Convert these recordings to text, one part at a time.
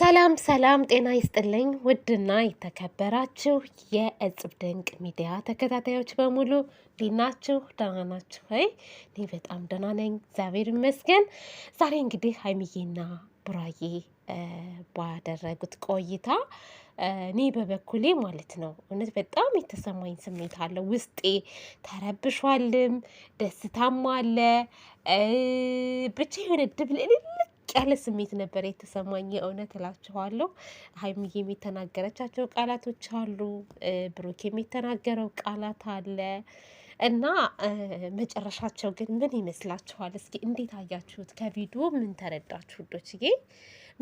ሰላም ሰላም፣ ጤና ይስጥልኝ ውድና የተከበራችሁ የእጽብ ድንቅ ሚዲያ ተከታታዮች በሙሉ ሊናችሁ ደህና ናችሁ ወይ? እኔ በጣም ደህና ነኝ፣ እግዚአብሔር ይመስገን። ዛሬ እንግዲህ ሀይሚዬና ቡራዬ ባደረጉት ቆይታ እኔ በበኩሌ ማለት ነው እውነት በጣም የተሰማኝ ስሜት አለ። ውስጤ ተረብሿልም፣ ደስታም አለ። ብቻ የሆነ ድብልቅልቅ ያለ ስሜት ነበር የተሰማኝ። የእውነት እላችኋለሁ ሀይሚዬ የሚተናገረቻቸው ቃላቶች አሉ፣ ብሩክ የሚተናገረው ቃላት አለ እና መጨረሻቸው ግን ምን ይመስላችኋል? እስኪ እንዴት አያችሁት? ከቪዲዮ ምን ተረዳችሁ? ዶችዬ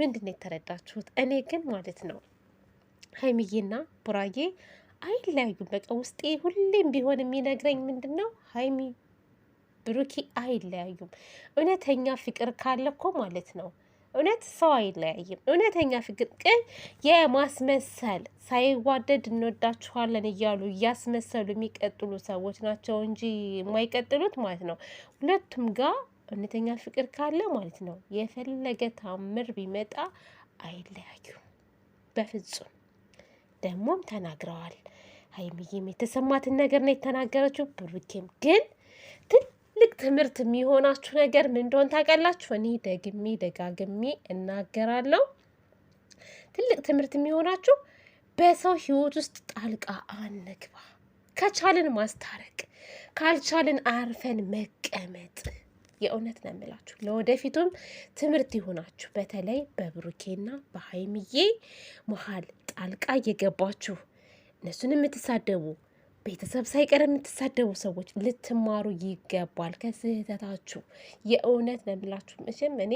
ምንድን ነው የተረዳችሁት? እኔ ግን ማለት ነው ሀይሚዬና ቡራዬ አይለያዩም። በቃ ውስጤ ሁሌም ቢሆን የሚነግረኝ ምንድን ነው ሀይሚ ብሩኪ አይለያዩም። እውነተኛ ፍቅር ካለ እኮ ማለት ነው እውነት ሰው አይለያይም። እውነተኛ ፍቅር ግን የማስመሰል ሳይዋደድ እንወዳችኋለን እያሉ እያስመሰሉ የሚቀጥሉ ሰዎች ናቸው እንጂ የማይቀጥሉት ማለት ነው። ሁለቱም ጋር እውነተኛ ፍቅር ካለ ማለት ነው የፈለገ ታምር ቢመጣ አይለያዩም በፍጹም። ደግሞም ተናግረዋል። ሀይሚዬም የተሰማትን ነገር ነው የተናገረችው። ብሩኬም ግን ትልቅ ትምህርት የሚሆናችሁ ነገር ምን እንደሆን ታውቃላችሁ? እኔ ደግሜ ደጋግሜ እናገራለሁ። ትልቅ ትምህርት የሚሆናችሁ በሰው ህይወት ውስጥ ጣልቃ አንግባ። ከቻልን ማስታረቅ፣ ካልቻልን አርፈን መቀመጥ። የእውነት ነው የምላችሁ። ለወደፊቱም ትምህርት ይሆናችሁ። በተለይ በብሩኬና በሀይምዬ መሀል ጣልቃ እየገባችሁ እነሱን የምትሳደቡ ቤተሰብ ሳይቀር የምትሳደቡ ሰዎች ልትማሩ ይገባል ከስህተታችሁ። የእውነት ለምላችሁ መቼም እኔ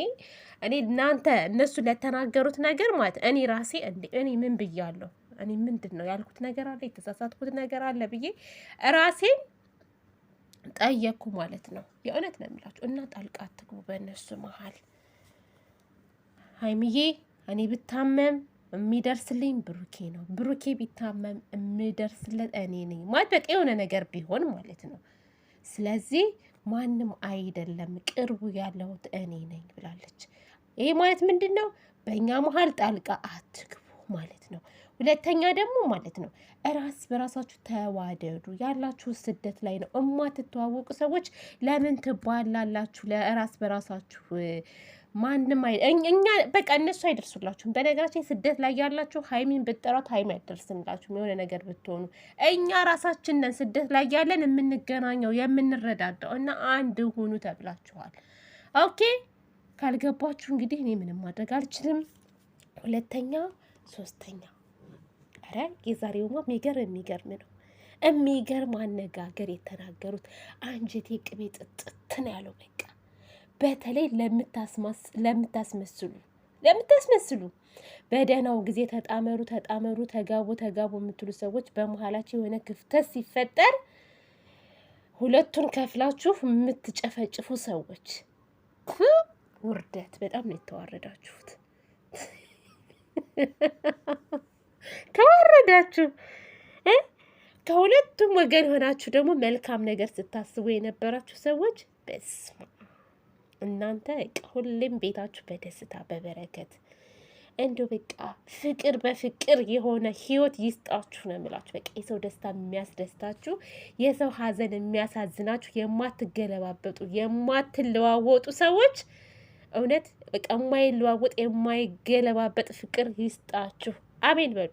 እኔ እናንተ እነሱ ለተናገሩት ነገር ማለት እኔ ራሴ እኔ ምን ብያለሁ? እኔ ምንድን ነው ያልኩት ነገር አለ የተሳሳትኩት ነገር አለ ብዬ ራሴን ጠየኩ ማለት ነው። የእውነት ነው የምላችሁ እና ጣልቃ አትግቡ በእነሱ መሀል። ሀይምዬ እኔ ብታመም የሚደርስልኝ ብሩኬ ነው። ብሩኬ ቢታመም የምደርስለት እኔ ነኝ ማለት በቃ የሆነ ነገር ቢሆን ማለት ነው። ስለዚህ ማንም አይደለም ቅርቡ ያለሁት እኔ ነኝ ብላለች። ይሄ ማለት ምንድን ነው? በእኛ መሀል ጣልቃ አትግቡ ማለት ነው። ሁለተኛ ደግሞ ማለት ነው እራስ በራሳችሁ ተዋደዱ። ያላችሁ ስደት ላይ ነው እማትተዋወቁ ሰዎች ለምን ትባላላችሁ? ለእራስ በራሳችሁ ማንም አይ እኛ በቃ እነሱ አይደርሱላችሁም። በነገራችን ስደት ላይ ያላችሁ ሀይሚን ብትጠሯት ሀይሚ አይደርስላችሁም። የሆነ ነገር ብትሆኑ እኛ ራሳችን ነን ስደት ላይ ያለን የምንገናኘው የምንረዳዳው እና አንድ ሁኑ ተብላችኋል። ኦኬ ካልገባችሁ እንግዲህ እኔ ምንም ማድረግ አልችልም። ሁለተኛ ሶስተኛ፣ ኧረ የዛሬውማ የሚገርም የሚገርም ነው። የሚገርም አነጋገር የተናገሩት አንጀቴ ቅቤ ጥጥትን ያለው በተለይ ለምታስመስሉ ለምታስመስሉ በደህናው ጊዜ ተጣመሩ ተጣመሩ ተጋቡ ተጋቡ የምትሉ ሰዎች በመሀላቸው የሆነ ክፍተት ሲፈጠር ሁለቱን ከፍላችሁ የምትጨፈጭፉ ሰዎች ውርደት፣ በጣም ነው የተዋረዳችሁት። ተዋረዳችሁ። ከሁለቱም ወገን ሆናችሁ ደግሞ መልካም ነገር ስታስቡ የነበራችሁ ሰዎች በስማ እናንተ ሁሌም ቤታችሁ በደስታ በበረከት እንዶ በቃ ፍቅር በፍቅር የሆነ ህይወት ይስጣችሁ ነው የምላችሁ። በቃ የሰው ደስታ የሚያስደስታችሁ፣ የሰው ሀዘን የሚያሳዝናችሁ፣ የማትገለባበጡ የማትለዋወጡ ሰዎች እውነት በቃ የማይለዋወጥ የማይገለባበጥ ፍቅር ይስጣችሁ። አሜን በሉ።